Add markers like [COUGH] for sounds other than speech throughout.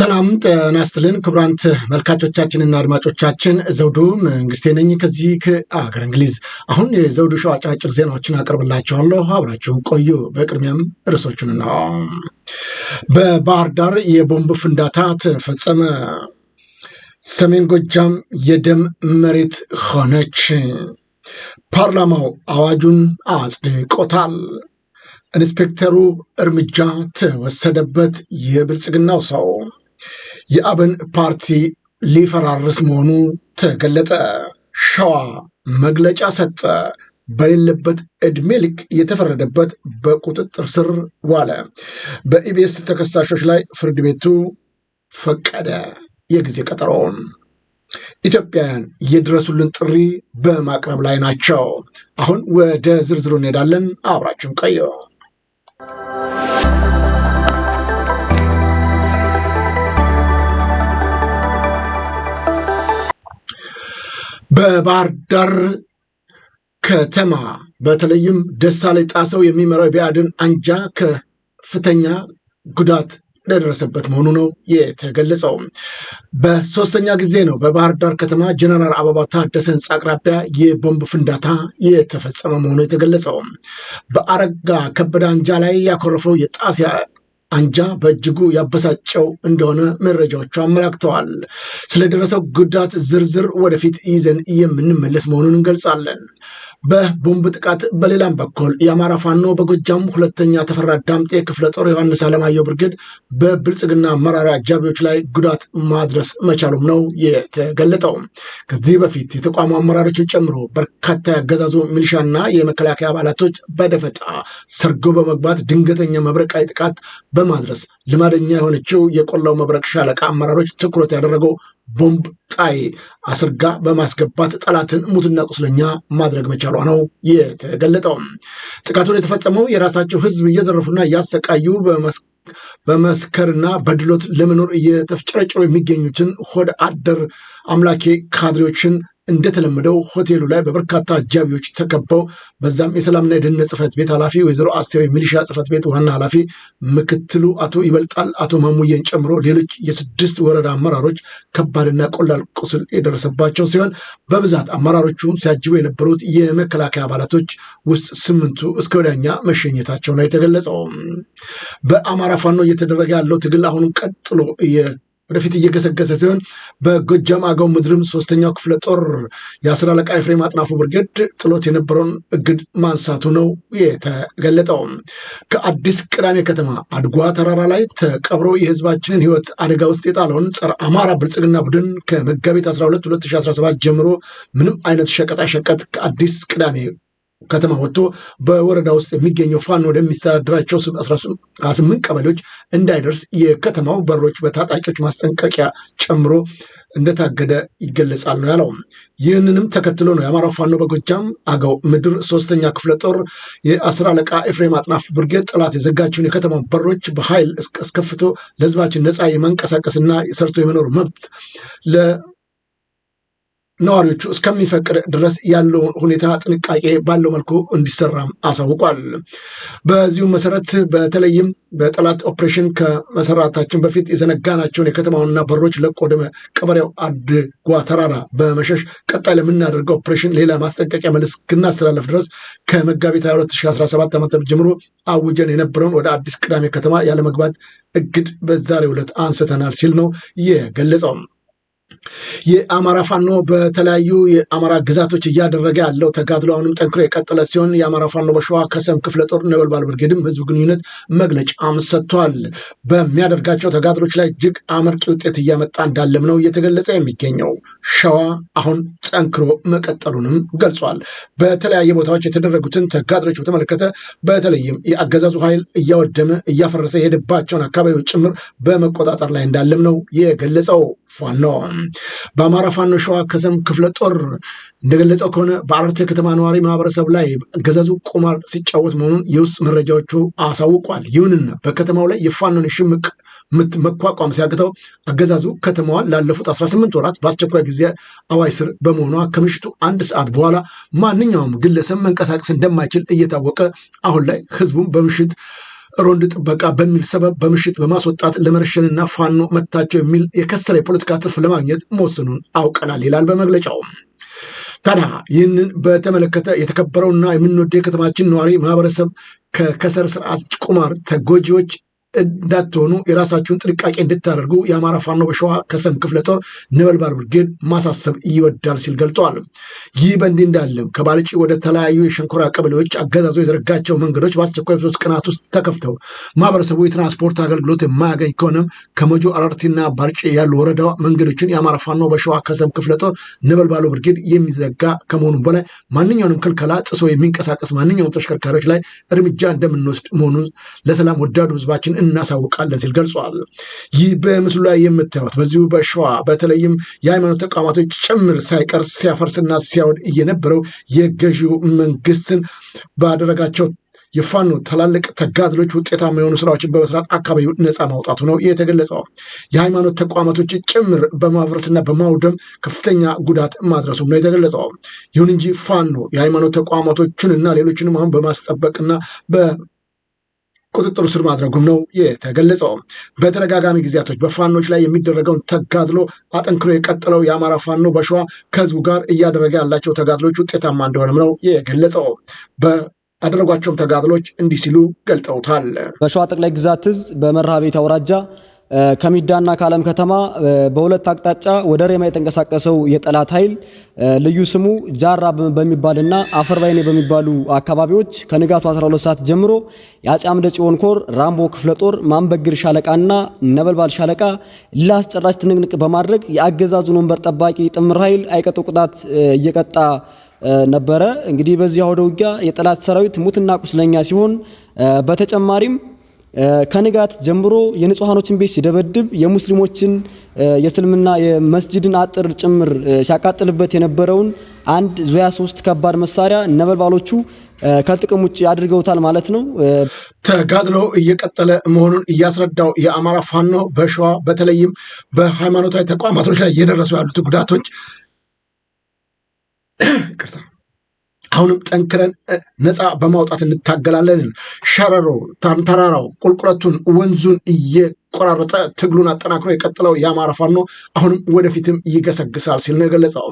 ሰላም ጤና ይስጥልን ክቡራን ተመልካቾቻችንና አድማጮቻችን ዘውዱ መንግስቴ ነኝ ከዚህ ከአገር እንግሊዝ። አሁን የዘውዱ ሾው አጫጭር ዜናዎችን አቀርብላችኋለሁ፣ አብራችሁን ቆዩ። በቅድሚያም ርዕሶቹን ነው። በባህር ዳር የቦምብ ፍንዳታ ተፈጸመ። ሰሜን ጎጃም የደም መሬት ሆነች። ፓርላማው አዋጁን አጽድቆታል። ኢንስፔክተሩ እርምጃ ተወሰደበት። የብልጽግናው ሰው የአብን ፓርቲ ሊፈራርስ መሆኑ ተገለጠ። ሸዋ መግለጫ ሰጠ። በሌለበት እድሜ ልክ የተፈረደበት በቁጥጥር ስር ዋለ። በኢቢኤስ ተከሳሾች ላይ ፍርድ ቤቱ ፈቀደ የጊዜ ቀጠሮውን። ኢትዮጵያውያን የድረሱልን ጥሪ በማቅረብ ላይ ናቸው። አሁን ወደ ዝርዝሩ እንሄዳለን። አብራችሁን ቀየ። በባህር ዳር ከተማ በተለይም ደሳለኝ ጣሰው የሚመራው ቢያድን አንጃ ከፍተኛ ጉዳት ለደረሰበት መሆኑ ነው የተገለጸው። በሶስተኛ ጊዜ ነው በባህር ዳር ከተማ ጀነራል አበባ ታደሰ ህንፃ አቅራቢያ የቦምብ ፍንዳታ የተፈጸመ መሆኑ የተገለጸው። በአረጋ ከበደ አንጃ ላይ ያኮረፈው የጣሲያ አንጃ በእጅጉ ያበሳጨው እንደሆነ መረጃዎቹ አመላክተዋል። ስለደረሰው ጉዳት ዝርዝር ወደፊት ይዘን የምንመለስ መሆኑን እንገልጻለን። በቦምብ ጥቃት በሌላም በኩል የአማራ ፋኖ በጎጃም ሁለተኛ ተፈራ ዳምጤ ክፍለ ጦር ዮሐንስ አለማየሁ ብርጌድ በብልጽግና መራሪ አጃቢዎች ላይ ጉዳት ማድረስ መቻሉም ነው የተገለጠው። ከዚህ በፊት የተቋሙ አመራሮችን ጨምሮ በርካታ ያገዛዙ ሚሊሻና የመከላከያ አባላቶች በደፈጣ ሰርጎ በመግባት ድንገተኛ መብረቃዊ ጥቃት በማድረስ ልማደኛ የሆነችው የቆላው መብረቅ ሻለቃ አመራሮች ትኩረት ያደረገው ቦምብ ጣይ አስርጋ በማስገባት ጠላትን ሙትና ቁስለኛ ማድረግ መቻሏ ነው የተገለጠው። ጥቃቱን የተፈጸመው የራሳቸው ህዝብ እየዘረፉና እያሰቃዩ በመስከርና በድሎት ለመኖር እየተፍጨረጨሩ የሚገኙትን ሆድ አደር አምላኬ ካድሬዎችን እንደተለመደው ሆቴሉ ላይ በበርካታ አጃቢዎች ተከበው በዛም የሰላምና የደህንነት ጽህፈት ቤት ኃላፊ ወይዘሮ አስቴር ሚሊሻ ጽህፈት ቤት ዋና ኃላፊ ምክትሉ አቶ ይበልጣል አቶ ማሙዬን ጨምሮ ሌሎች የስድስት ወረዳ አመራሮች ከባድና ቆላል ቁስል የደረሰባቸው ሲሆን በብዛት አመራሮቹ ሲያጅቡ የነበሩት የመከላከያ አባላቶች ውስጥ ስምንቱ እስከ ወዲያኛ መሸኘታቸው ነው የተገለጸው። በአማራ ፋኖ እየተደረገ ያለው ትግል አሁንም ቀጥሎ ወደፊት እየገሰገሰ ሲሆን በጎጃም አገው ምድርም ሶስተኛው ክፍለ ጦር የአስር አለቃ ኤፍሬም አጥናፉ ብርጌድ ጥሎት የነበረውን እግድ ማንሳቱ ነው የተገለጠው። ከአዲስ ቅዳሜ ከተማ አድጓ ተራራ ላይ ተቀብሮ የህዝባችንን ህይወት አደጋ ውስጥ የጣለውን ጸረ አማራ ብልጽግና ቡድን ከመጋቢት 12 2017 ጀምሮ ምንም አይነት ሸቀጣሸቀጥ ከአዲስ ቅዳሜ ከተማ ወጥቶ በወረዳ ውስጥ የሚገኘው ፋኖ ወደሚተዳደራቸው ስምንት ቀበሌዎች እንዳይደርስ የከተማው በሮች በታጣቂዎች ማስጠንቀቂያ ጨምሮ እንደታገደ ይገለጻል ነው ያለው። ይህንንም ተከትሎ ነው የአማራው ፋኖ በጎጃም አገው ምድር ሶስተኛ ክፍለ ጦር የአስር አለቃ ኤፍሬም አጥናፍ ብርጌድ ጠላት የዘጋቸውን የከተማ በሮች በኃይል አስከፍቶ ለህዝባችን ነፃ የመንቀሳቀስና ሰርቶ የመኖር መብት ነዋሪዎቹ እስከሚፈቅድ ድረስ ያለውን ሁኔታ ጥንቃቄ ባለው መልኩ እንዲሰራም አሳውቋል። በዚሁም መሰረት በተለይም በጠላት ኦፕሬሽን ከመሰራታችን በፊት የዘነጋናቸውን የከተማውንና በሮች ለቆ ወደ ቀበሬው አድጓ ተራራ በመሸሽ ቀጣይ ለምናደርገው ኦፕሬሽን ሌላ ማስጠንቀቂያ መልስ እስክናስተላለፍ ድረስ ከመጋቢት 2017 ዓ ም ጀምሮ አውጀን የነበረውን ወደ አዲስ ቅዳሜ ከተማ ያለመግባት እግድ በዛሬው ዕለት አንስተናል ሲል ነው የገለጸው። የአማራ ፋኖ በተለያዩ የአማራ ግዛቶች እያደረገ ያለው ተጋድሎ አሁንም ጠንክሮ የቀጠለ ሲሆን የአማራ ፋኖ በሸዋ ከሰም ክፍለ ጦር ነበልባል ብርጌድም ህዝብ ግንኙነት መግለጫም ሰጥቷል። በሚያደርጋቸው ተጋድሎች ላይ እጅግ አመርቂ ውጤት እያመጣ እንዳለም ነው እየተገለጸ የሚገኘው። ሸዋ አሁን ጠንክሮ መቀጠሉንም ገልጿል። በተለያየ ቦታዎች የተደረጉትን ተጋድሎች በተመለከተ በተለይም የአገዛዙ ኃይል እያወደመ እያፈረሰ የሄደባቸውን አካባቢዎች ጭምር በመቆጣጠር ላይ እንዳለም ነው የገለጸው። ፋኖ በአማራ ፋኖ ሸዋ ከሰም ክፍለ ጦር እንደገለጸው ከሆነ በአራት ከተማ ነዋሪ ማህበረሰብ ላይ አገዛዙ ቁማር ሲጫወት መሆኑን የውስጥ መረጃዎቹ አሳውቋል። ይሁንና በከተማው ላይ የፋኖን ሽምቅ ምት መቋቋም ሲያቅተው አገዛዙ ከተማዋን ላለፉት 18 ወራት በአስቸኳይ ጊዜ አዋጅ ስር በመሆኗ ከምሽቱ አንድ ሰዓት በኋላ ማንኛውም ግለሰብ መንቀሳቀስ እንደማይችል እየታወቀ አሁን ላይ ህዝቡም በምሽት ሮንድ ጥበቃ በሚል ሰበብ በምሽት በማስወጣት ለመረሸንና ፋኖ መታቸው የሚል የከሰረ የፖለቲካ ትርፍ ለማግኘት መወሰኑን አውቀናል ይላል በመግለጫው። ታዲያ ይህንን በተመለከተ የተከበረውና የምንወደው የከተማችን ነዋሪ ማህበረሰብ ከከሰር ስርዓት ቁማር ተጎጂዎች እንዳትሆኑ የራሳችሁን ጥንቃቄ እንድታደርጉ የአማራ ፋኖ በሸዋ ከሰም ክፍለ ጦር ነበልባል ብርጌድ ማሳሰብ ይወዳል ሲል ገልጠዋል። ይህ በእንዲህ እንዳለም ከባልጪ ወደ ተለያዩ የሸንኮራ ቀበሌዎች አገዛዞ የዘረጋቸው መንገዶች በአስቸኳይ በሶስት ቀናት ውስጥ ተከፍተው ማህበረሰቡ የትራንስፖርት አገልግሎት የማያገኝ ከሆነም ከመጆ አራርቲና ባልጪ ያሉ ወረዳ መንገዶችን የአማራ ፋኖ በሸዋ ከሰም ክፍለ ጦር ነበልባሉ ብርጌድ የሚዘጋ ከመሆኑ በላይ ማንኛውንም ክልከላ ጥሶ የሚንቀሳቀስ ማንኛውም ተሽከርካሪዎች ላይ እርምጃ እንደምንወስድ መሆኑን ለሰላም ወዳዱ ህዝባችን እናሳውቃለን ሲል ገልጿል። ይህ በምስሉ ላይ የምታዩት በዚሁ በሸዋ በተለይም የሃይማኖት ተቋማቶች ጭምር ሳይቀር ሲያፈርስና ሲያወድ እየነበረው የገዢው መንግስትን ባደረጋቸው የፋኖ ትላልቅ ተጋድሎች ውጤታማ የሆኑ ስራዎችን በመስራት አካባቢው ነፃ ማውጣቱ ነው የተገለጸው። የሃይማኖት ተቋማቶች ጭምር በማፍረስና በማውደም ከፍተኛ ጉዳት ማድረሱም ነው የተገለጸው። ይሁን እንጂ ፋኖ የሃይማኖት ተቋማቶቹን እና ሌሎችንም አሁን በማስጠበቅና ቁጥጥር ስር ማድረጉም ነው የተገለጸው። በተደጋጋሚ ጊዜያቶች በፋኖች ላይ የሚደረገውን ተጋድሎ አጠንክሮ የቀጠለው የአማራ ፋኖ በሸዋ ከህዝቡ ጋር እያደረገ ያላቸው ተጋድሎች ውጤታማ እንደሆነም ነው የገለጸው። በአደረጓቸውም ተጋድሎች እንዲህ ሲሉ ገልጠውታል። በሸዋ ጠቅላይ ግዛት እዝ በመርሃ ቤት አውራጃ ከሚዳና ከአለም ከተማ በሁለት አቅጣጫ ወደ ሬማ የተንቀሳቀሰው የጠላት ኃይል ልዩ ስሙ ጃራ በሚባልና አፈር ባይኔ በሚባሉ አካባቢዎች ከንጋቱ 12 ሰዓት ጀምሮ የአፄ አምደ ጽዮን ኮር ራምቦ ክፍለ ጦር ማንበግር ሻለቃና ነበልባል ሻለቃ ለአስጨራሽ ትንቅንቅ በማድረግ የአገዛዙን ወንበር ጠባቂ ጥምር ኃይል አይቀጡ ቅጣት እየቀጣ ነበረ። እንግዲህ በዚህ አውደ ውጊያ የጠላት ሰራዊት ሙትና ቁስለኛ ሲሆን በተጨማሪም ከንጋት ጀምሮ የንጹሃኖችን ቤት ሲደበድብ የሙስሊሞችን የእስልምና የመስጅድን አጥር ጭምር ሲያቃጥልበት የነበረውን አንድ ዙያ ሶስት ከባድ መሳሪያ ነበልባሎቹ ከጥቅም ውጭ አድርገውታል ማለት ነው። ተጋድሎ እየቀጠለ መሆኑን እያስረዳው የአማራ ፋኖ በሸዋ በተለይም በሃይማኖታዊ ተቋማቶች ላይ እየደረሱ ያሉት ጉዳቶች [CLEARS THROAT] ቅርታ አሁንም ጠንክረን ነፃ በማውጣት እንታገላለን። ሸረሮ ተራራው፣ ቁልቁለቱን፣ ወንዙን እየቆራረጠ ትግሉን አጠናክሮ የቀጥለው የአማራ ፋኖ አሁንም ወደፊትም ይገሰግሳል ሲል ነው የገለጸው።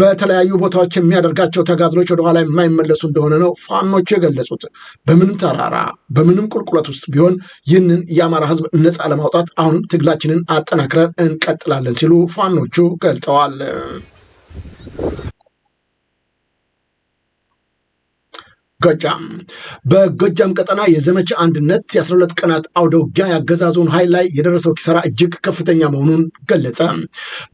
በተለያዩ ቦታዎች የሚያደርጋቸው ተጋድሎች ወደኋላ የማይመለሱ እንደሆነ ነው ፋኖቹ የገለጹት። በምንም ተራራ በምንም ቁልቁለት ውስጥ ቢሆን ይህንን የአማራ ህዝብ ነፃ ለማውጣት አሁንም ትግላችንን አጠናክረን እንቀጥላለን ሲሉ ፋኖቹ ገልጠዋል። ጎጃም በጎጃም ቀጠና የዘመቻ አንድነት የ12 ቀናት አውደ ውጊያ የአገዛዙን ኃይል ላይ የደረሰው ኪሳራ እጅግ ከፍተኛ መሆኑን ገለጸ።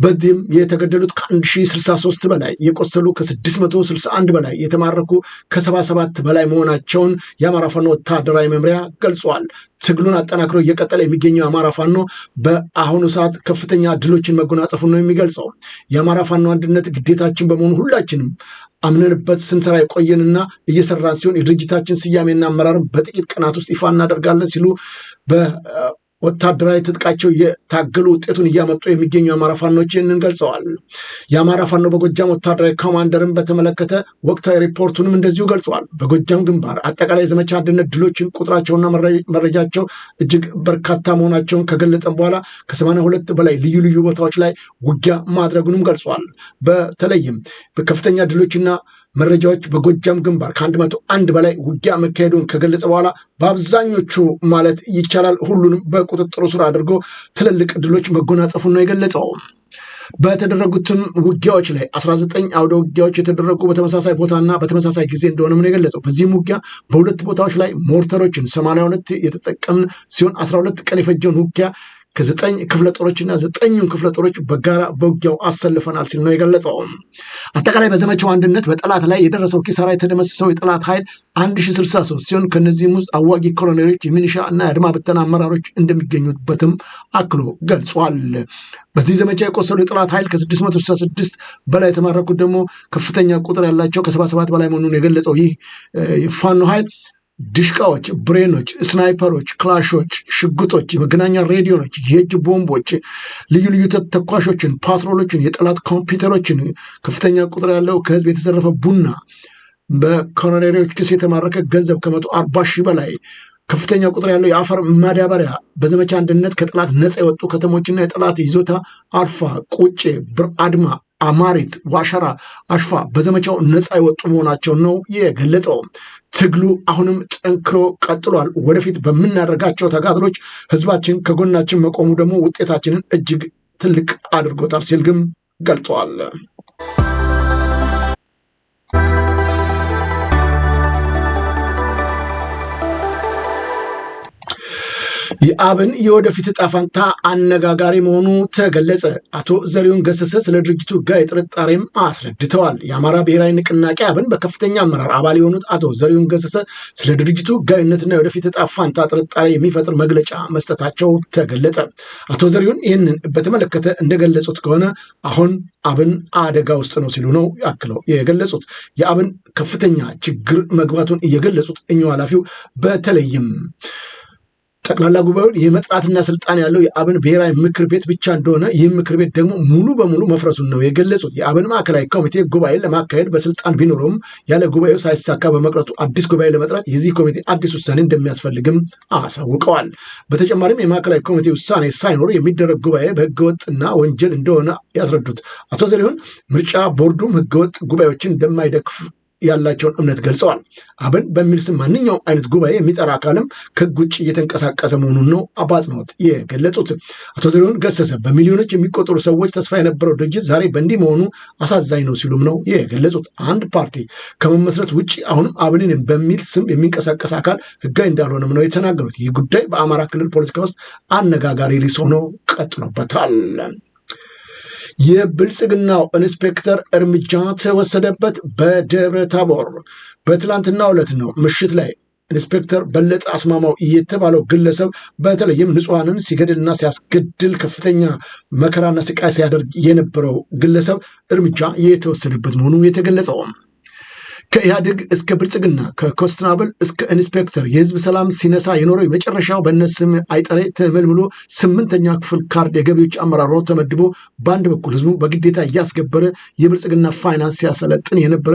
በዚህም የተገደሉት ከ1063 በላይ የቆሰሉ ከ661 በላይ የተማረኩ ከ77 በላይ መሆናቸውን የአማራ ፋኖ ወታደራዊ መምሪያ ገልጿል። ትግሉን አጠናክሮ እየቀጠለ የሚገኘው የአማራ ፋኖ በአሁኑ ሰዓት ከፍተኛ ድሎችን መጎናጸፉን ነው የሚገልጸው። የአማራ ፋኖ አንድነት ግዴታችን በመሆኑ ሁላችንም አምነንበት ስንሰራ የቆየንና እየሰራን ሲሆን የድርጅታችን ስያሜና አመራርን በጥቂት ቀናት ውስጥ ይፋ እናደርጋለን ሲሉ ወታደራዊ ትጥቃቸው የታገሉ ውጤቱን እያመጡ የሚገኙ የአማራ ፋኖች ይህንን ገልጸዋል። የአማራ ፋኖ በጎጃም ወታደራዊ ኮማንደርን በተመለከተ ወቅታዊ ሪፖርቱንም እንደዚሁ ገልጸዋል። በጎጃም ግንባር አጠቃላይ ዘመቻ አንድነት ድሎችን ቁጥራቸውና መረጃቸው እጅግ በርካታ መሆናቸውን ከገለጸም በኋላ ከሰማንያ ሁለት በላይ ልዩ ልዩ ቦታዎች ላይ ውጊያ ማድረጉንም ገልጿል። በተለይም በከፍተኛ ድሎችና መረጃዎች በጎጃም ግንባር ከአንድ መቶ አንድ በላይ ውጊያ መካሄዱን ከገለጸ በኋላ በአብዛኞቹ ማለት ይቻላል ሁሉንም በቁጥጥሩ ስር አድርጎ ትልልቅ ድሎች መጎናጸፉን ነው የገለጸው። በተደረጉትም ውጊያዎች ላይ 19 አውደ ውጊያዎች የተደረጉ በተመሳሳይ ቦታና በተመሳሳይ ጊዜ እንደሆነም ነው የገለጸው። በዚህም ውጊያ በሁለት ቦታዎች ላይ ሞርተሮችን 82 የተጠቀምን ሲሆን 12 ቀን የፈጀውን ውጊያ ከዘጠኝ ክፍለ ጦሮችና ዘጠኙን ክፍለ ጦሮች በጋራ በውጊያው አሰልፈናል ሲል ነው የገለጸው። አጠቃላይ በዘመቻው አንድነት በጠላት ላይ የደረሰው ኪሳራ የተደመሰሰው የጠላት ኃይል 1063 ሲሆን ከነዚህም ውስጥ አዋጊ ኮሎኔሎች፣ የሚኒሻ እና የአድማ ብተና አመራሮች እንደሚገኙበትም አክሎ ገልጿል። በዚህ ዘመቻ የቆሰሉ የጠላት ኃይል ከ666 በላይ የተማረኩት ደግሞ ከፍተኛ ቁጥር ያላቸው ከ77 በላይ መሆኑን የገለጸው ይህ ፋኖ ኃይል ድሽቃዎች፣ ብሬኖች፣ ስናይፐሮች፣ ክላሾች፣ ሽጉጦች፣ የመገናኛ ሬዲዮኖች፣ የእጅ ቦምቦች፣ ልዩ ልዩ ተኳሾችን፣ ፓትሮሎችን፣ የጠላት ኮምፒውተሮችን፣ ከፍተኛ ቁጥር ያለው ከህዝብ የተዘረፈ ቡና፣ በኮሎኔሎች ክስ የተማረከ ገንዘብ ከመቶ አርባ ሺህ በላይ ከፍተኛ ቁጥር ያለው የአፈር ማዳበሪያ፣ በዘመቻ አንድነት ከጠላት ነፃ የወጡ ከተሞችና የጠላት ይዞታ አልፋ፣ ቁጭ፣ ብርአድማ። አማሪት፣ ዋሸራ፣ አሽፋ በዘመቻው ነፃ የወጡ መሆናቸውን ነው የገለጸው። ትግሉ አሁንም ጠንክሮ ቀጥሏል። ወደፊት በምናደርጋቸው ተጋድሎች ህዝባችን ከጎናችን መቆሙ ደግሞ ውጤታችንን እጅግ ትልቅ አድርጎታል ሲል ግን ገልጸዋል። የአብን የወደፊት ጣፋንታ ፈንታ አነጋጋሪ መሆኑ ተገለጸ። አቶ ዘሪሁን ገሰሰ ስለ ድርጅቱ ጋር የጥርጣሬም አስረድተዋል። የአማራ ብሔራዊ ንቅናቄ አብን በከፍተኛ አመራር አባል የሆኑት አቶ ዘሪሁን ገሰሰ ስለ ድርጅቱ ጋይነትና የወደፊት ዕጣ ፈንታ ጥርጣሬ የሚፈጥር መግለጫ መስጠታቸው ተገለጸ። አቶ ዘሪሁን ይህንን በተመለከተ እንደገለጹት ከሆነ አሁን አብን አደጋ ውስጥ ነው ሲሉ ነው ያክለው የገለጹት። የአብን ከፍተኛ ችግር መግባቱን እየገለጹት እኚሁ ኃላፊው በተለይም ጠቅላላ ጉባኤውን የመጥራትና ስልጣን ያለው የአብን ብሔራዊ ምክር ቤት ብቻ እንደሆነ ይህ ምክር ቤት ደግሞ ሙሉ በሙሉ መፍረሱን ነው የገለጹት። የአብን ማዕከላዊ ኮሚቴ ጉባኤ ለማካሄድ በስልጣን ቢኖረውም ያለ ጉባኤው ሳይሳካ በመቅረቱ አዲስ ጉባኤ ለመጥራት የዚህ ኮሚቴ አዲስ ውሳኔ እንደሚያስፈልግም አሳውቀዋል። በተጨማሪም የማዕከላዊ ኮሚቴ ውሳኔ ሳይኖር የሚደረግ ጉባኤ በህገወጥና ወንጀል እንደሆነ ያስረዱት አቶ ዘሪሁን ምርጫ ቦርዱም ህገወጥ ጉባኤዎችን እንደማይደግፍ ያላቸውን እምነት ገልጸዋል። አብን በሚል ስም ማንኛውም አይነት ጉባኤ የሚጠራ አካልም ከህግ ውጭ እየተንቀሳቀሰ መሆኑን ነው በአጽንኦት የገለጹት። አቶ ዘሪሁን ገሰሰ በሚሊዮኖች የሚቆጠሩ ሰዎች ተስፋ የነበረው ድርጅት ዛሬ በእንዲህ መሆኑ አሳዛኝ ነው ሲሉም ነው የገለጹት። አንድ ፓርቲ ከመመስረት ውጭ አሁንም አብንን በሚል ስም የሚንቀሳቀስ አካል ህጋዊ እንዳልሆነም ነው የተናገሩት። ይህ ጉዳይ በአማራ ክልል ፖለቲካ ውስጥ አነጋጋሪ ሊስ ሆኖ ቀጥሎበታል። የብልጽግናው ኢንስፔክተር እርምጃ ተወሰደበት። በደብረ ታቦር በትላንትና ዕለት ነው ምሽት ላይ ኢንስፔክተር በለጠ አስማማው የተባለው ግለሰብ በተለይም ንጹሐንን ሲገድልና ሲያስገድል ከፍተኛ መከራና ስቃይ ሲያደርግ የነበረው ግለሰብ እርምጃ የተወሰደበት መሆኑ የተገለጸውም ከኢህአዴግ እስከ ብልጽግና ከኮስትናብል እስከ ኢንስፔክተር የህዝብ ሰላም ሲነሳ የኖረው የመጨረሻው በነስም አይጠሬ ተመልምሎ ስምንተኛ ክፍል ካርድ የገቢዎች አመራሮ ተመድቦ በአንድ በኩል ህዝቡ በግዴታ እያስገበረ የብልጽግና ፋይናንስ ሲያሰለጥን የነበረ፣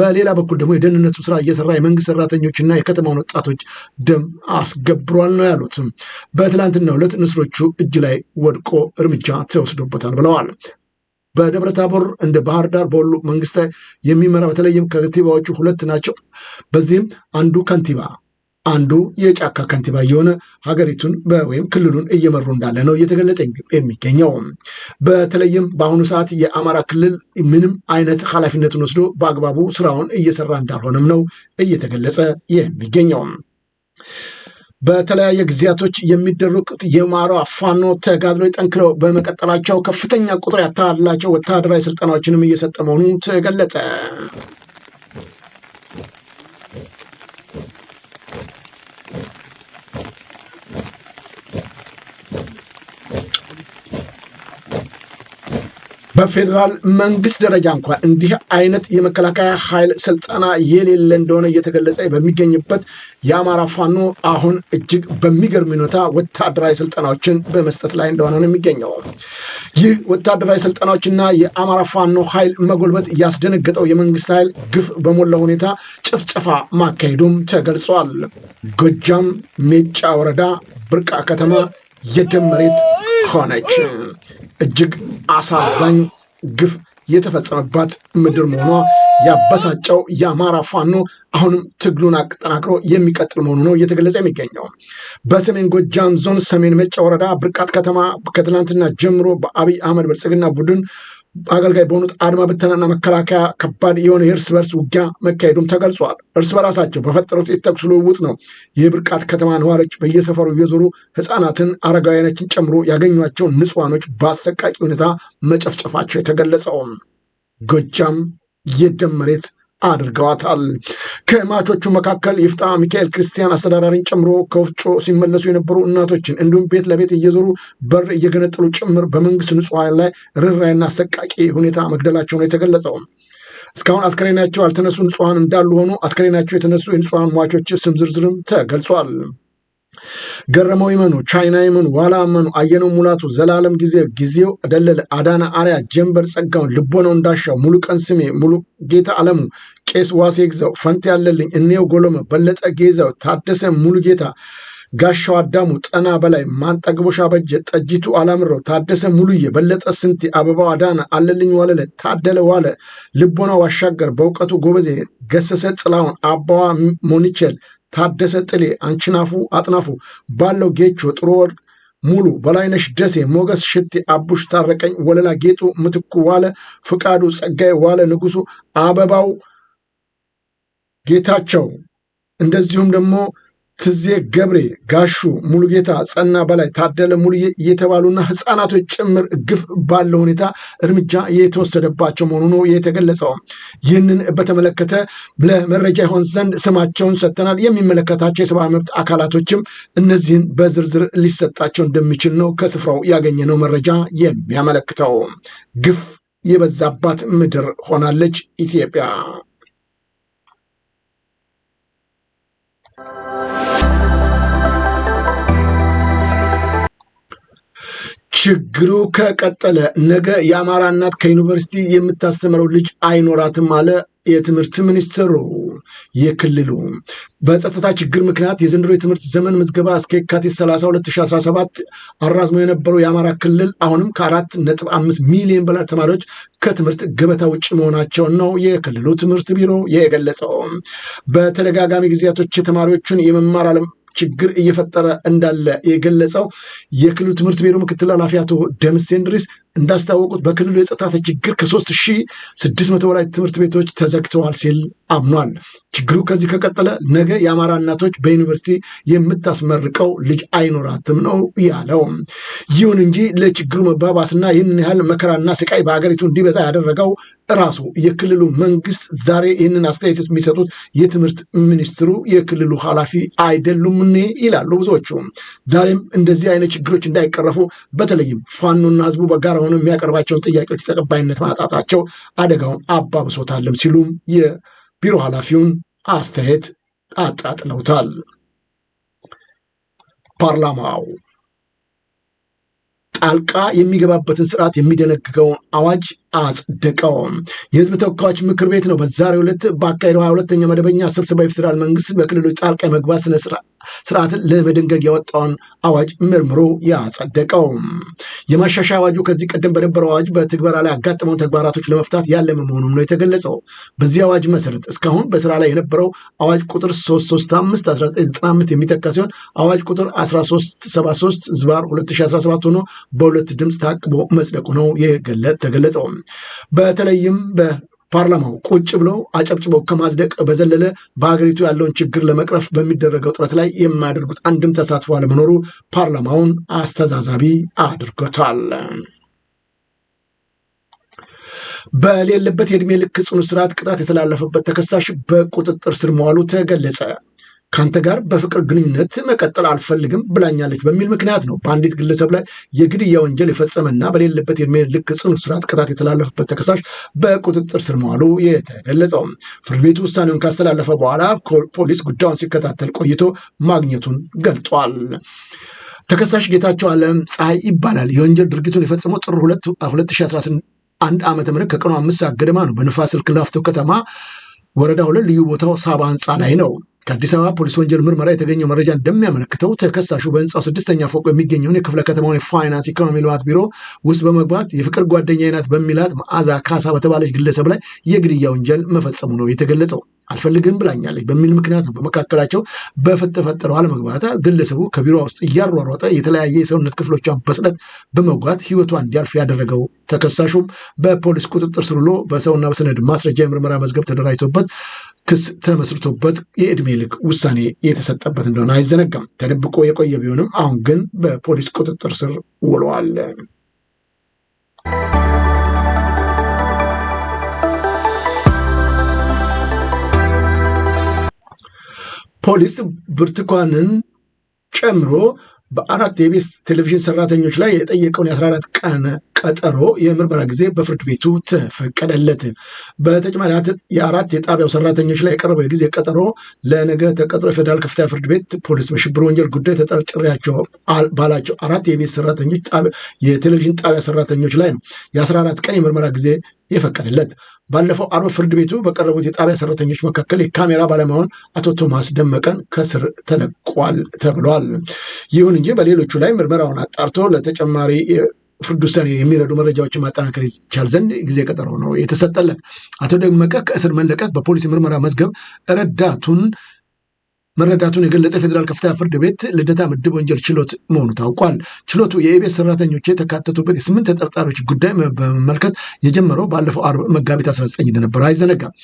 በሌላ በኩል ደግሞ የደህንነቱ ስራ እየሰራ የመንግስት ሰራተኞችና የከተማውን ወጣቶች ደም አስገብሯል ነው ያሉት። በትላንትና ሁለት ንስሮቹ እጅ ላይ ወድቆ እርምጃ ተወስዶበታል ብለዋል። በደብረ ታቦር እንደ ባህር ዳር በሁሉ መንግስት የሚመራ በተለይም ከንቲባዎቹ ሁለት ናቸው። በዚህም አንዱ ከንቲባ አንዱ የጫካ ከንቲባ እየሆነ ሀገሪቱን ወይም ክልሉን እየመሩ እንዳለ ነው እየተገለጸ የሚገኘው። በተለይም በአሁኑ ሰዓት የአማራ ክልል ምንም አይነት ኃላፊነትን ወስዶ በአግባቡ ስራውን እየሰራ እንዳልሆነም ነው እየተገለጸ የሚገኘው። በተለያየ ጊዜያቶች የሚደረጉት የማሮ ፋኖ ተጋድሎ ጠንክረው በመቀጠላቸው ከፍተኛ ቁጥር ያታላቸው ወታደራዊ ስልጠናዎችንም እየሰጠ መሆኑ ተገለጸ። በፌዴራል መንግስት ደረጃ እንኳን እንዲህ አይነት የመከላከያ ኃይል ስልጠና የሌለ እንደሆነ እየተገለጸ በሚገኝበት የአማራ ፋኖ አሁን እጅግ በሚገርም ሁኔታ ወታደራዊ ስልጠናዎችን በመስጠት ላይ እንደሆነ ነው የሚገኘው። ይህ ወታደራዊ ስልጠናዎችና የአማራ ፋኖ ኃይል መጎልበት ያስደነገጠው የመንግስት ኃይል ግፍ በሞላ ሁኔታ ጭፍጨፋ ማካሄዱም ተገልጿል። ጎጃም ሜጫ ወረዳ ብርቃ ከተማ የደም መሬት ሆነች። እጅግ አሳዛኝ ግፍ የተፈጸመባት ምድር መሆኗ ያበሳጨው የአማራ ፋኖ አሁንም ትግሉን አጠናክሮ የሚቀጥል መሆኑ ነው እየተገለጸ የሚገኘው። በሰሜን ጎጃም ዞን ሰሜን መጫ ወረዳ ብርቃት ከተማ ከትላንትና ጀምሮ በአብይ አህመድ ብልጽግና ቡድን አገልጋይ በሆኑት አድማ ብተናና መከላከያ ከባድ የሆነ የእርስ በርስ ውጊያ መካሄዱም ተገልጿል። እርስ በራሳቸው በፈጠሩት የተኩስ ልውውጥ ነው የብርቃት ከተማ ነዋሪዎች በየሰፈሩ እየዞሩ ህፃናትን፣ አረጋውያኖችን ጨምሮ ያገኟቸውን ንጹሃኖች በአሰቃቂ ሁኔታ መጨፍጨፋቸው የተገለጸውም። ጎጃም የደም መሬት አድርገዋታል። ከማቾቹ መካከል ይፍጣ ሚካኤል ክርስቲያን አስተዳዳሪን ጨምሮ ከወፍጮ ሲመለሱ የነበሩ እናቶችን እንዲሁም ቤት ለቤት እየዞሩ በር እየገነጠሉ ጭምር በመንግስት ንጹሐን ላይ ርኅራኄና አሰቃቂ ሁኔታ መግደላቸው ነው የተገለጸው። እስካሁን አስከሬናቸው ያልተነሱ ንጹሐን እንዳሉ ሆኖ አስከሬናቸው የተነሱ የንጹሐን ሟቾች ስም ዝርዝርም ተገልጿል። ገረመው ይመኑ፣ ቻይና ይመኑ፣ ዋላ መኑ፣ አየነው ሙላቱ፣ ዘላለም ጊዜ፣ ጊዜው ደለለ፣ አዳነ አሪያ፣ ጀንበር ጸጋውን፣ ልቦነው እንዳሻው፣ ሙሉ ቀን ስሜ፣ ሙሉ ጌታ አለሙ፣ ቄስ ዋሴ ግዛው፣ ፈንቴ ያለልኝ፣ እኔው ጎሎመ፣ በለጠ ጌዛው፣ ታደሰ ሙሉ ጌታ ጋሻው አዳሙ ጠና በላይ ማንጠግቦሻ በጀ ጠጅቱ አላምረው ታደሰ ሙሉዬ በለጠ ስንቲ፣ አበባው አዳነ አለልኝ ዋለለ ታደለ ዋለ ልቦናው አሻገር በእውቀቱ ጎበዜ ገሰሰ ጥላውን አባዋ ሞኒቸል ታደሰ ጥሌ፣ አንችናፉ አጥናፉ፣ ባለው ጌቾ፣ ጥሩ ወርቅ ሙሉ፣ በላይነሽ ደሴ፣ ሞገስ ሽቴ፣ አቡሽ ታረቀኝ፣ ወለላ ጌጡ፣ ምትኩ ዋለ፣ ፍቃዱ ጸጋዬ፣ ዋለ ፍቃዱ ጸጋይ ዋለ ንጉሱ አበባው ጌታቸው እንደዚሁም ደግሞ ትዜ ገብሬ፣ ጋሹ ሙሉጌታ፣ ጸና በላይ፣ ታደለ ሙሉዬ እየተባሉና ህፃናቶች ጭምር ግፍ ባለው ሁኔታ እርምጃ የተወሰደባቸው መሆኑ ነው የተገለጸው። ይህንን በተመለከተ ለመረጃ ይሆን ዘንድ ስማቸውን ሰጥተናል። የሚመለከታቸው የሰብአዊ መብት አካላቶችም እነዚህን በዝርዝር ሊሰጣቸው እንደሚችል ነው ከስፍራው ያገኘነው መረጃ የሚያመለክተው። ግፍ የበዛባት ምድር ሆናለች ኢትዮጵያ። ችግሩ ከቀጠለ ነገ የአማራ እናት ከዩኒቨርሲቲ የምታስተምረው ልጅ አይኖራትም አለ የትምህርት ሚኒስትሩ። የክልሉ በጸጥታ ችግር ምክንያት የዘንድሮ የትምህርት ዘመን ምዝገባ እስከ የካቲት 30 2017 አራዝሞ የነበረው የአማራ ክልል አሁንም ከአራት ነጥብ አምስት ሚሊዮን በላይ ተማሪዎች ከትምህርት ገበታ ውጭ መሆናቸውን ነው የክልሉ ትምህርት ቢሮ የገለጸው። በተደጋጋሚ ጊዜያቶች የተማሪዎቹን የመማር ችግር እየፈጠረ እንዳለ የገለጸው የክልሉ ትምህርት ቢሮ ምክትል ኃላፊ አቶ ደምሴ እንድሪስ እንዳስታወቁት በክልሉ የጸጥታ ችግር ከሶስት ሺህ ስድስት መቶ በላይ ትምህርት ቤቶች ተዘግተዋል ሲል አምኗል። ችግሩ ከዚህ ከቀጠለ ነገ የአማራ እናቶች በዩኒቨርሲቲ የምታስመርቀው ልጅ አይኖራትም ነው ያለው። ይሁን እንጂ ለችግሩ መባባስና ይህንን ያህል መከራና ስቃይ በሀገሪቱ እንዲበዛ ያደረገው ራሱ የክልሉ መንግስት ዛሬ ይህንን አስተያየት የሚሰጡት የትምህርት ሚኒስትሩ የክልሉ ኃላፊ አይደሉም ይላሉ ብዙዎቹ። ዛሬም እንደዚህ አይነት ችግሮች እንዳይቀረፉ በተለይም ፋኖና ህዝቡ በጋራ ሆኖ የሚያቀርባቸውን ጥያቄዎች ተቀባይነት ማጣታቸው አደጋውን አባብሶታልም ሲሉም የቢሮ ኃላፊውን አስተያየት አጣጥለውታል። ፓርላማው ጣልቃ የሚገባበትን ስርዓት የሚደነግገውን አዋጅ አጽድቀውም የህዝብ ተወካዮች ምክር ቤት ነው በዛሬው ዕለት በአካሄደው ሀያ ሁለተኛ መደበኛ ስብሰባ የፌዴራል መንግስት በክልሎች ጣልቃ መግባት ስነ ስርዓትን ለመደንገግ ያወጣውን አዋጅ መርምሮ ያጸደቀው። የማሻሻያ አዋጁ ከዚህ ቀደም በነበረው አዋጅ በትግበራ ላይ ያጋጠመውን ተግባራቶች ለመፍታት ያለመ መሆኑም ነው የተገለጸው። በዚህ አዋጅ መሰረት እስካሁን በስራ ላይ የነበረው አዋጅ ቁጥር 335 1995 የሚተካ ሲሆን አዋጅ ቁጥር 1373 ዝባር 2017 ሆኖ በሁለት ድምፅ ታቅቦ መጽደቁ ነው ተገለጸው። በተለይም ፓርላማው ቁጭ ብለው አጨብጭበው ከማጽደቅ በዘለለ በሀገሪቱ ያለውን ችግር ለመቅረፍ በሚደረገው ጥረት ላይ የማያደርጉት አንድም ተሳትፎ አለመኖሩ ፓርላማውን አስተዛዛቢ አድርጎታል። በሌለበት የእድሜ ልክ ጽኑ ስርዓት ቅጣት የተላለፈበት ተከሳሽ በቁጥጥር ስር መዋሉ ተገለጸ። ከአንተ ጋር በፍቅር ግንኙነት መቀጠል አልፈልግም ብላኛለች በሚል ምክንያት ነው በአንዲት ግለሰብ ላይ የግድያ ወንጀል የፈጸመና በሌለበት የዕድሜ ልክ ጽኑ እስራት ቅጣት የተላለፈበት ተከሳሽ በቁጥጥር ስር መዋሉ የተገለጸው ፍርድ ቤቱ ውሳኔውን ካስተላለፈ በኋላ ፖሊስ ጉዳዩን ሲከታተል ቆይቶ ማግኘቱን ገልጧል። ተከሳሽ ጌታቸው አለም ፀሐይ ይባላል። የወንጀል ድርጊቱን የፈጸመው ጥር 2011 ዓ ም ከቀኑ አምስት ሰዓት ገደማ ነው በንፋስ ስልክ ላፍቶ ከተማ ወረዳ ሁለት ልዩ ቦታው ሳባ ህንፃ ላይ ነው። ከአዲስ አበባ ፖሊስ ወንጀል ምርመራ የተገኘው መረጃ እንደሚያመለክተው ተከሳሹ በህንፃው ስድስተኛ ፎቅ የሚገኘውን የክፍለ ከተማውን የፋይናንስ ኢኮኖሚ ልማት ቢሮ ውስጥ በመግባት የፍቅር ጓደኛ ናት በሚላት መዓዛ ካሳ በተባለች ግለሰብ ላይ የግድያ ወንጀል መፈጸሙ ነው የተገለጸው። አልፈልግም ብላኛለች በሚል ምክንያት በመካከላቸው በተፈጠረው አለመግባባት ግለሰቡ ከቢሮ ውስጥ እያሯሯጠ የተለያየ የሰውነት ክፍሎቿን በስለት በመጓት ህይወቷ እንዲያልፍ ያደረገው። ተከሳሹም በፖሊስ ቁጥጥር ስር ውሎ በሰውና በሰነድ ማስረጃ የምርመራ መዝገብ ተደራጅቶበት ክስ ተመስርቶበት የእድሜ ምኒልክ ውሳኔ የተሰጠበት እንደሆነ አይዘነጋም። ተደብቆ የቆየ ቢሆንም አሁን ግን በፖሊስ ቁጥጥር ስር ውለዋል። ፖሊስ ብርቱካንን ጨምሮ በአራት የቤስ ቴሌቪዥን ሰራተኞች ላይ የጠየቀውን የ14 ቀን ቀጠሮ የምርመራ ጊዜ በፍርድ ቤቱ ተፈቀደለት። በተጨማሪ የአራት የጣቢያው ሰራተኞች ላይ የቀረበው የጊዜ ቀጠሮ ለነገ ተቀጥሮ የፌዴራል ከፍተኛ ፍርድ ቤት ፖሊስ በሽብር ወንጀል ጉዳይ ተጠርጥሬያቸው ባላቸው አራት የቤት ሰራተኞች የቴሌቪዥን ጣቢያ ሰራተኞች ላይ ነው የ14 ቀን የምርመራ ጊዜ የፈቀደለት። ባለፈው አርብ ፍርድ ቤቱ በቀረቡት የጣቢያ ሰራተኞች መካከል የካሜራ ባለሙያውን አቶ ቶማስ ደመቀን ከስር ተለቋል ተብሏል። ይሁን እንጂ በሌሎቹ ላይ ምርመራውን አጣርቶ ለተጨማሪ ፍርድ ውሳኔ የሚረዱ መረጃዎችን ማጠናከር ይቻል ዘንድ ጊዜ ቀጠሮ ነው የተሰጠለት። አቶ ደመቀ ከእስር መለቀቅ በፖሊስ ምርመራ መዝገብ ረዳቱን መረዳቱን የገለጸ የፌዴራል ከፍተኛ ፍርድ ቤት ልደታ ምድብ ወንጀል ችሎት መሆኑ ታውቋል። ችሎቱ የኢቤስ ሰራተኞች የተካተቱበት የስምንት ተጠርጣሪዎች ጉዳይ በመመልከት የጀመረው ባለፈው አርብ መጋቢት 19 እንደነበረ አይዘነጋም።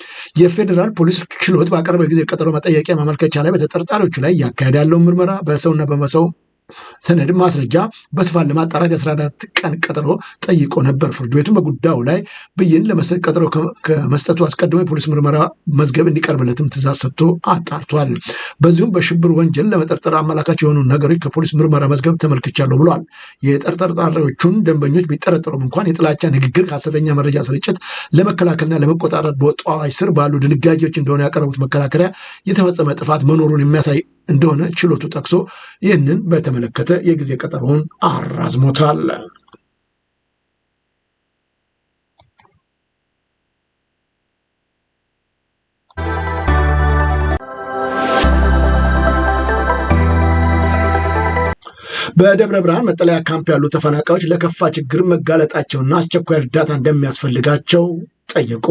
የፌዴራል ፖሊስ ችሎት በአቀረበ ጊዜ የቀጠሮ መጠየቂያ ማመልከቻ ላይ በተጠርጣሪዎቹ ላይ እያካሄደ ያለውን ምርመራ በሰውና በመሰው ሰነድ ማስረጃ በስፋት ለማጣራት የአስራ አራት ቀን ቀጠሮ ጠይቆ ነበር። ፍርድ ቤቱም በጉዳዩ ላይ ብይን ለመስጠት ቀጠሮ ከመስጠቱ አስቀድሞ የፖሊስ ምርመራ መዝገብ እንዲቀርብለትም ትእዛዝ ሰጥቶ አጣርቷል። በዚሁም በሽብር ወንጀል ለመጠርጠር አመላካች የሆኑ ነገሮች ከፖሊስ ምርመራ መዝገብ ተመልክቻለሁ ብሏል። የጠርጠርጣሪዎቹን ደንበኞች ቢጠረጠሩም እንኳን የጥላቻ ንግግር ከሀሰተኛ መረጃ ስርጭት ለመከላከልና ለመቆጣጠር በወጣው አዋጅ ስር ባሉ ድንጋጌዎች እንደሆነ ያቀረቡት መከላከሪያ የተፈጸመ ጥፋት መኖሩን የሚያሳይ እንደሆነ ችሎቱ ጠቅሶ ይህንን በተ በተመለከተ የጊዜ ቀጠሮውን አራዝሞታል። በደብረ ብርሃን መጠለያ ካምፕ ያሉ ተፈናቃዮች ለከፋ ችግር መጋለጣቸውና አስቸኳይ እርዳታ እንደሚያስፈልጋቸው ጠየቁ።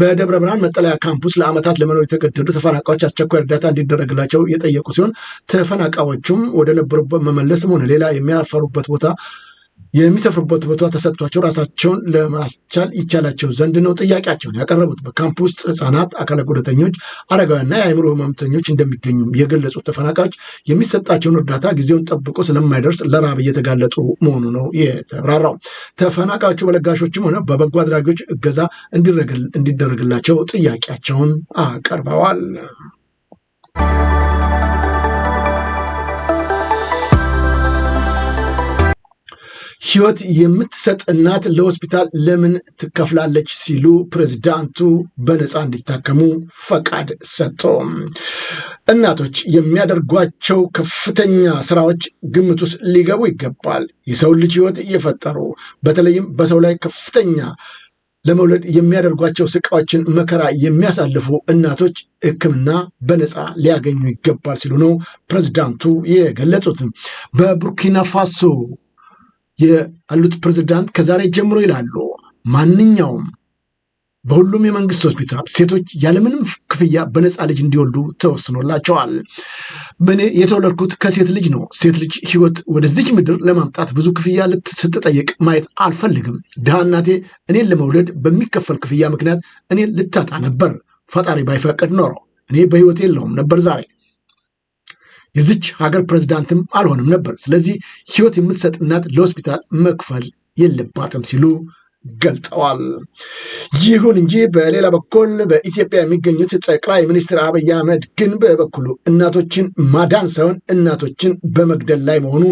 በደብረ ብርሃን መጠለያ ውስጥ ለአመታት ለመኖር የተገደዱ ተፈናቃዮች አስቸኳይ እርዳታ እንዲደረግላቸው የጠየቁ ሲሆን ተፈናቃዮቹም ወደ ነበሩበት መመለስም ሆነ ሌላ የሚያፈሩበት ቦታ የሚሰፍሩበት ቦታ ተሰጥቷቸው ራሳቸውን ለማስቻል ይቻላቸው ዘንድ ነው ጥያቄያቸውን ያቀረቡት። በካምፕ ውስጥ ህጻናት፣ አካለ ጉዳተኞች፣ አረጋውያንና የአእምሮ ህመምተኞች እንደሚገኙም የገለጹት ተፈናቃዮች የሚሰጣቸውን እርዳታ ጊዜውን ጠብቆ ስለማይደርስ ለራብ እየተጋለጡ መሆኑ ነው የተብራራው። ተፈናቃዮቹ በለጋሾችም ሆነ በበጎ አድራጊዎች እገዛ እንዲደረግላቸው ጥያቄያቸውን አቀርበዋል። ህይወት የምትሰጥ እናት ለሆስፒታል ለምን ትከፍላለች? ሲሉ ፕሬዝዳንቱ በነፃ እንዲታከሙ ፈቃድ ሰጡ። እናቶች የሚያደርጓቸው ከፍተኛ ስራዎች ግምት ውስጥ ሊገቡ ይገባል። የሰው ልጅ ህይወት እየፈጠሩ በተለይም በሰው ላይ ከፍተኛ ለመውለድ የሚያደርጓቸው ስቃዎችን መከራ የሚያሳልፉ እናቶች ህክምና በነፃ ሊያገኙ ይገባል ሲሉ ነው ፕሬዝዳንቱ የገለጹት። በቡርኪና ፋሶ ያሉት ፕሬዝዳንት ከዛሬ ጀምሮ ይላሉ ማንኛውም በሁሉም የመንግስት ሆስፒታል ሴቶች ያለምንም ክፍያ በነፃ ልጅ እንዲወልዱ ተወስኖላቸዋል። እኔ የተወለድኩት ከሴት ልጅ ነው። ሴት ልጅ ህይወት ወደዚች ምድር ለማምጣት ብዙ ክፍያ ስትጠየቅ ማየት አልፈልግም። ድሃ እናቴ እኔን ለመውለድ በሚከፈል ክፍያ ምክንያት እኔን ልታጣ ነበር። ፈጣሪ ባይፈቅድ ኖሮ እኔ በህይወት የለውም ነበር ዛሬ የዚች ሀገር ፕሬዚዳንትም አልሆንም ነበር። ስለዚህ ህይወት የምትሰጥ እናት ለሆስፒታል መክፈል የለባትም ሲሉ ገልጸዋል። ይሁን እንጂ በሌላ በኩል በኢትዮጵያ የሚገኙት ጠቅላይ ሚኒስትር አብይ አህመድ ግን በበኩሉ እናቶችን ማዳን ሳይሆን እናቶችን በመግደል ላይ መሆኑ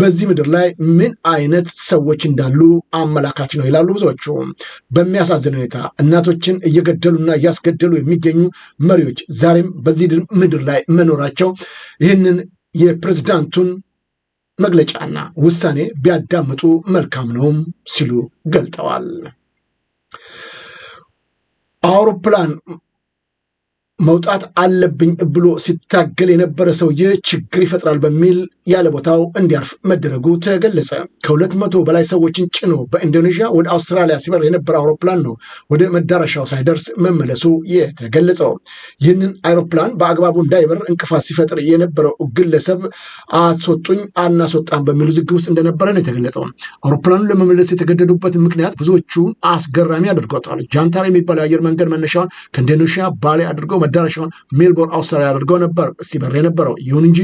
በዚህ ምድር ላይ ምን አይነት ሰዎች እንዳሉ አመላካች ነው ይላሉ ብዙዎቹ። በሚያሳዝን ሁኔታ እናቶችን እየገደሉና እያስገደሉ የሚገኙ መሪዎች ዛሬም በዚህ ምድር ላይ መኖራቸው ይህንን የፕሬዝዳንቱን መግለጫና ውሳኔ ቢያዳምጡ መልካም ነውም ሲሉ ገልጠዋል። አውሮፕላን መውጣት አለብኝ ብሎ ሲታገል የነበረ ሰውዬ ችግር ይፈጥራል በሚል ያለ ቦታው እንዲያርፍ መደረጉ ተገለጸ። ከሁለት መቶ በላይ ሰዎችን ጭኖ በኢንዶኔዥያ ወደ አውስትራሊያ ሲበር የነበረ አውሮፕላን ነው ወደ መዳረሻው ሳይደርስ መመለሱ የተገለጸው። ይህንን አውሮፕላን በአግባቡ እንዳይበር እንቅፋት ሲፈጥር የነበረው ግለሰብ አስወጡኝ አናስወጣም በሚሉ ዝግብ ውስጥ እንደነበረ ነው የተገለጸው። አውሮፕላኑን ለመመለስ የተገደዱበት ምክንያት ብዙዎቹን አስገራሚ አድርጓታል። ጃንታር የሚባለው የአየር መንገድ መነሻውን ከኢንዶኔዥያ ባሌ አድርገው መዳረሻውን ሜልቦርን አውስትራሊያ አድርገው ነበር ሲበር የነበረው። ይሁን እንጂ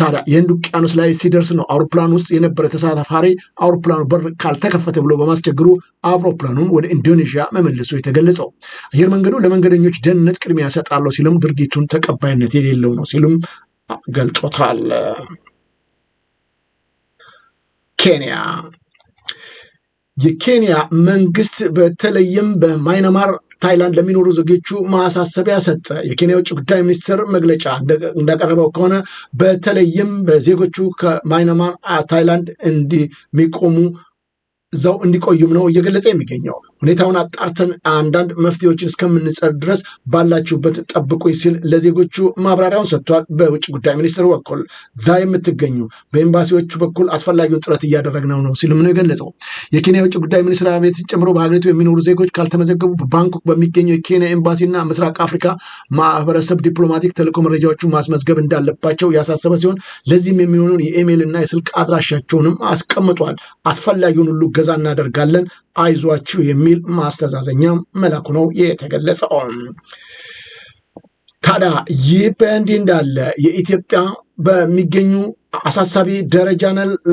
ታዲያ የህንድ ውቅያኖስ ላይ ሲደርስ ነው አውሮፕላን ውስጥ የነበረ ተሳፋሪ አውሮፕላኑ በር ካልተከፈተ ብሎ በማስቸግሩ አውሮፕላኑን ወደ ኢንዶኔዥያ መመለሱ የተገለጸው። አየር መንገዱ ለመንገደኞች ደህንነት ቅድሚያ ሰጣለው ሲልም ድርጊቱን ተቀባይነት የሌለው ነው ሲልም ገልጦታል። ኬንያ የኬንያ መንግስት በተለይም በማይናማር ታይላንድ ለሚኖሩ ዜጎቹ ማሳሰቢያ ሰጠ። የኬንያ ውጭ ጉዳይ ሚኒስትር መግለጫ እንዳቀረበው ከሆነ በተለይም በዜጎቹ ከማይናማር ታይላንድ እንዲሚቆሙ እዛው እንዲቆዩም ነው እየገለጸ የሚገኘው። ሁኔታውን አጣርተን አንዳንድ መፍትሄዎችን እስከምንጸር ድረስ ባላችሁበት ጠብቁኝ ሲል ለዜጎቹ ማብራሪያውን ሰጥቷል። በውጭ ጉዳይ ሚኒስትር በኩል ዛ የምትገኙ በኤምባሲዎቹ በኩል አስፈላጊውን ጥረት እያደረግነው ነው ሲልም ነው የገለጸው። የኬንያ የውጭ ጉዳይ ሚኒስትር ቤትን ጨምሮ በሀገሪቱ የሚኖሩ ዜጎች ካልተመዘገቡ በባንኮክ በሚገኘው የኬንያ ኤምባሲና ምስራቅ አፍሪካ ማህበረሰብ ዲፕሎማቲክ ተልእኮ መረጃዎቹን ማስመዝገብ እንዳለባቸው ያሳሰበ ሲሆን ለዚህም የኢሜይል እና የስልክ አድራሻቸውንም አስቀምጧል። አስፈላጊውን ሁሉ ገዛ እናደርጋለን አይዟችሁ የሚ የሚል ማስተዛዘኛ መላኩ ነው የተገለጸው። ታዲያ ይህ በእንዲህ እንዳለ የኢትዮጵያ በሚገኙ አሳሳቢ ደረጃ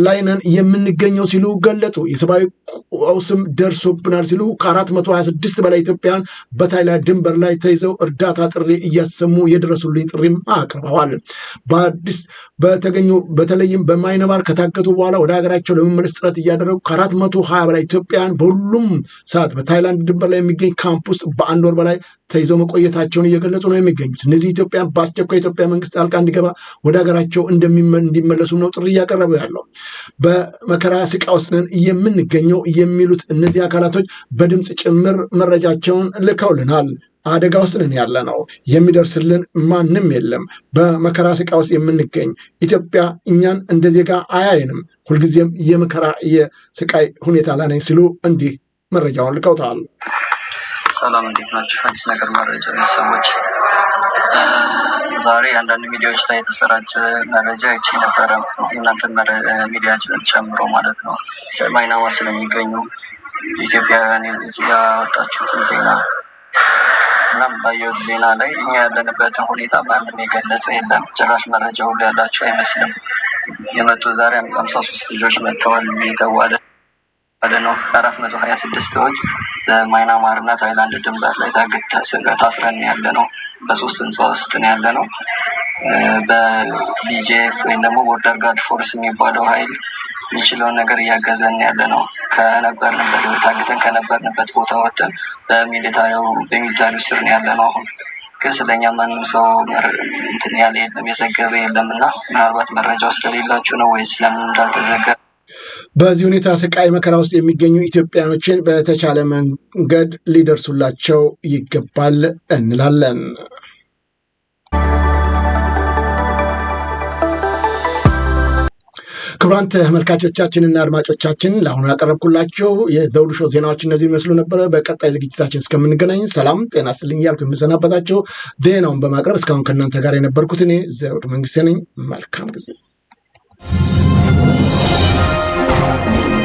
ላይ ነን የምንገኘው ሲሉ ገለጹ። የሰብአዊ ቀውስም ደርሶብናል ሲሉ ከ426 በላይ ኢትዮጵያን በታይላንድ ድንበር ላይ ተይዘው እርዳታ ጥሪ እያሰሙ የደረሱልኝ ጥሪም አቅርበዋል። በአዲስ በተገኙ በተለይም በማይነባር ከታገቱ በኋላ ወደ ሀገራቸው ለመመለስ ጥረት እያደረጉ ከ420 በላይ ኢትዮጵያን በሁሉም ሰዓት በታይላንድ ድንበር ላይ የሚገኝ ካምፕ ውስጥ በአንድ ወር በላይ ተይዘው መቆየታቸውን እየገለጹ ነው የሚገኙት። እነዚህ ኢትዮጵያ በአስቸኳይ ኢትዮጵያ መንግስት አልቃ እንዲገባ ወደ ሀገራቸው እንደሚመ እንዲመለሱም ነው ጥሪ እያቀረበ ያለው። በመከራ ስቃ ውስጥ ነን የምንገኘው የሚሉት እነዚህ አካላቶች በድምፅ ጭምር መረጃቸውን ልከውልናል። አደጋ ውስጥ ነን ያለ ነው። የሚደርስልን ማንም የለም። በመከራ ስቃ ውስጥ የምንገኝ ኢትዮጵያ እኛን እንደ ዜጋ አያይንም። ሁልጊዜም የመከራ የስቃይ ሁኔታ ላይ ነኝ ሲሉ እንዲህ መረጃውን ልከውታል። ሰላም፣ እንዴት ናቸው? አዲስ ነገር መረጃ ቤተሰቦች ዛሬ አንዳንድ ሚዲያዎች ላይ የተሰራጨ መረጃ ይቺ ነበረ እናንተ ሚዲያ ጨምሮ ማለት ነው። ማይናማ ስለሚገኙ ኢትዮጵያውያን ያወጣችሁትን ዜና እናም ባየሁት ዜና ላይ እኛ ያለንበትን ሁኔታ ማንም የገለጸ የለም። ጭራሽ መረጃ ሁሉ ያላቸው አይመስልም። የመጡ ዛሬ አምሳ ሶስት ልጆች መጥተዋል የተባለ ወደ ነው አራት መቶ ሀያ ስድስት ሰዎች በማይናማር እና ታይላንድ ድንበር ላይ ታስረን ያለ ነው። በሶስት ህንፃ ውስጥ ነው ያለ ነው። በቢጂኤፍ ወይም ደግሞ ቦርደር ጋርድ ፎርስ የሚባለው ሀይል የሚችለውን ነገር እያገዘን ያለ ነው። ከነበርንበት ታግተን ከነበርንበት ቦታ ወጥተን በሚሊታሪው በሚሊታሪው ስር ነው ያለ ነው። አሁን ግን ስለኛ ማንም ሰው እንትን ያለ የለም የዘገበ የለም እና ምናልባት መረጃው ስለሌላችሁ ነው ወይስ ለምን እንዳልተዘገበ በዚህ ሁኔታ ስቃይ መከራ ውስጥ የሚገኙ ኢትዮጵያኖችን በተቻለ መንገድ ሊደርሱላቸው ይገባል እንላለን። ክቡራን ተመልካቾቻችንና አድማጮቻችን ለአሁኑ ያቀረብኩላቸው የዘውዱ ሾው ዜናዎች እነዚህ ይመስሉ ነበረ። በቀጣይ ዝግጅታችን እስከምንገናኝ ሰላም ጤና ስልኝ እያልኩ የምሰናበታቸው ዜናውን በማቅረብ እስካሁን ከእናንተ ጋር የነበርኩት እኔ መንግስት መንግስቴ ነኝ። መልካም ጊዜ Música